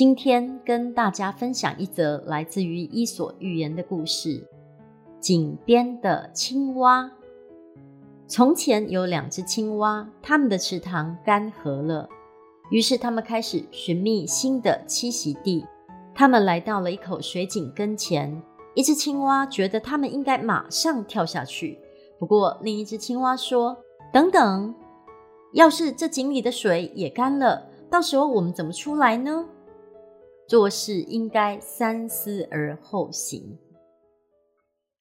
今天跟大家分享一則來自於《伊索寓言》的故事：井邊的青蛙。從前有兩隻青蛙，他們的池塘乾涸了，於是他們開始尋覓新的棲息地。他們來到了一口水井跟前，一隻青蛙覺得他們應該馬上跳下去，不過另一隻青蛙說：“等等，要是這井裡的水也乾了，到時候我們怎麼出來呢？”做事應該三思而後行。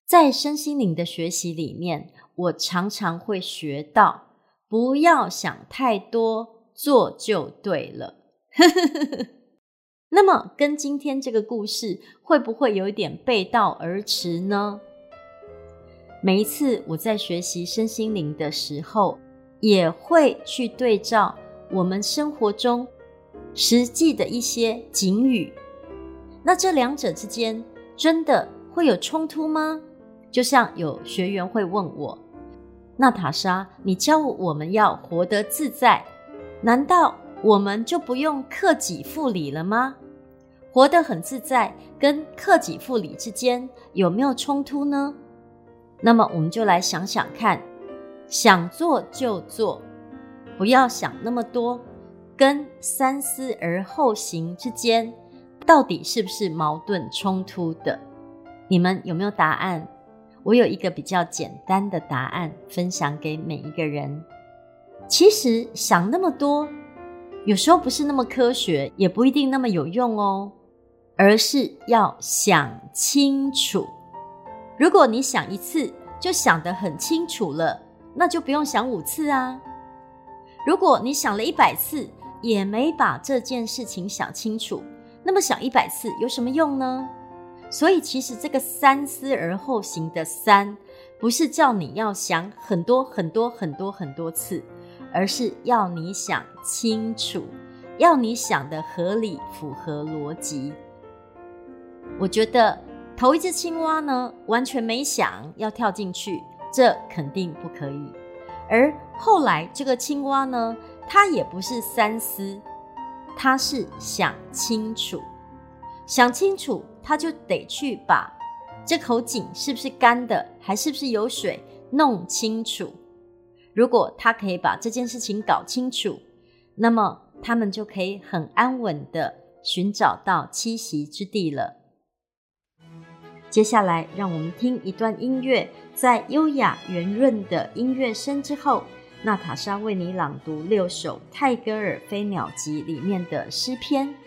在身心靈的學習裡面，我常常會學到不要想太多，做就對了。 那麼，跟今天這個故事會不會有點背道而馳呢？每一次我在學習身心靈的時候，也會去對照我們生活中。實際的一些警語，那這兩者之間真的會有衝突嗎？就像有學員會問我：“娜塔莎，你教我們要活得自在，難道我們就不用克己復禮了嗎？活得很自在跟克己復禮之間有沒有衝突呢？”那麼我們就來想想看，想做就做，不要想那麼多。跟三思而後行之間，到底是不是矛盾衝突的？你們有沒有答案？我有一個比較簡單的答案分享給每一個人。其實想那麼多，有時候不是那麼科學，也不一定那麼有用哦。而是要想清楚。如果你想一次就想得很清楚了，那就不用想五次啊。如果你想了一百次。也沒把這件事情想清楚，那麼想一百次有什麼用呢？所以其實這個“三思而後行”的“三”，不是叫你要想很多很多很多很多次，而是要你想清楚，要你想得合理、符合邏輯。我覺得頭一隻青蛙呢，完全沒想要跳進去，這肯定不可以。而後來這個青蛙呢，他也不是三思，他是想清楚，想清楚他就得去把這口井是不是乾的，還是不是有水弄清楚。如果他可以把這件事情搞清楚，那麼他們就可以很安穩的尋找到棲息之地了。接下來，讓我們聽一段音樂，在優雅圓潤的音樂聲之後。娜塔莎為你朗讀六首泰戈爾《飛鳥集》裡面的詩篇。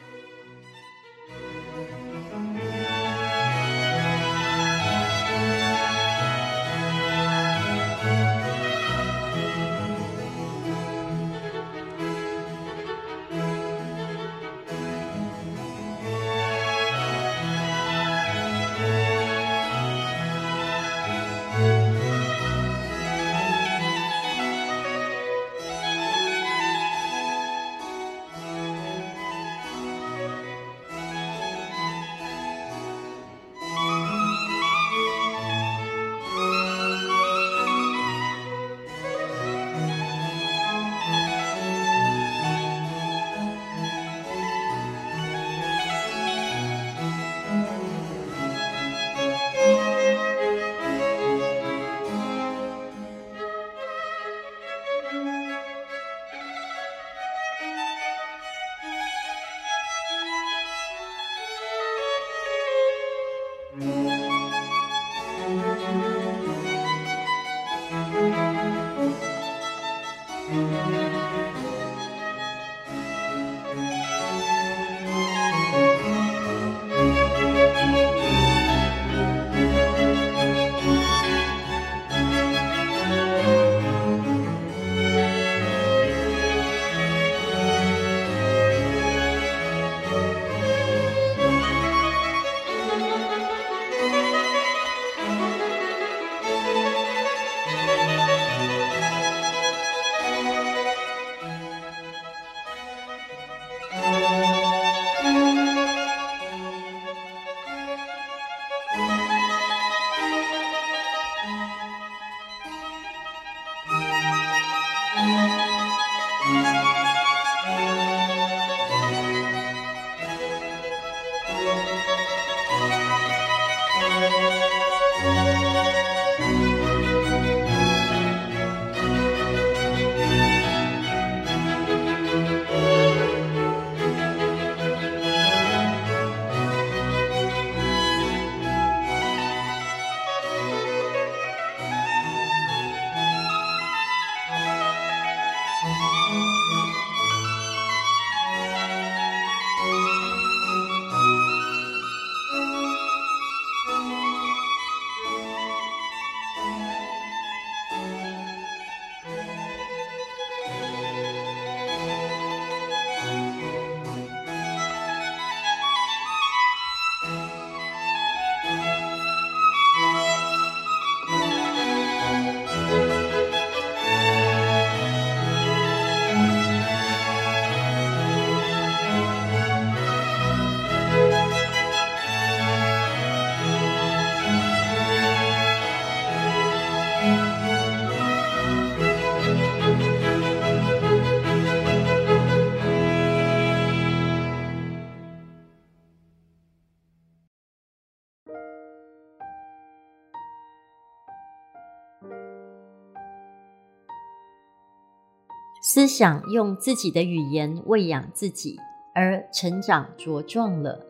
思想用自己的語言餵養自己，而成長茁壯了。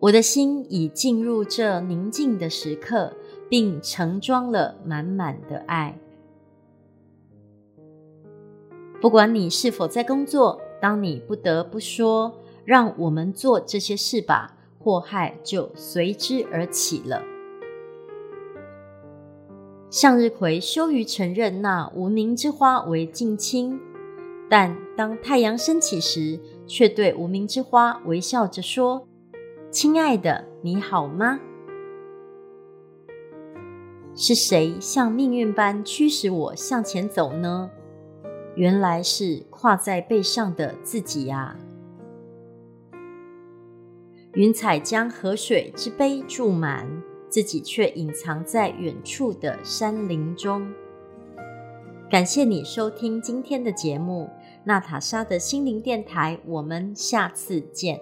我的心已進入這寧靜的時刻，並盛裝了滿滿的愛。不管你是否在工作，當你不得不說“讓我們做這些事吧”，禍害就隨之而起了。向日葵羞於承認那無名之花為近親，但當太陽升起時，卻對無名之花微笑着說：“親愛的，你好嗎？”是誰像命運般驅使我向前走呢？原來是跨在背上的自己啊！雲彩將河水之杯注滿。自己卻隱藏在遠處的山林中。感謝你收聽今天的節目《娜塔莎的心靈電台》，我們下次見。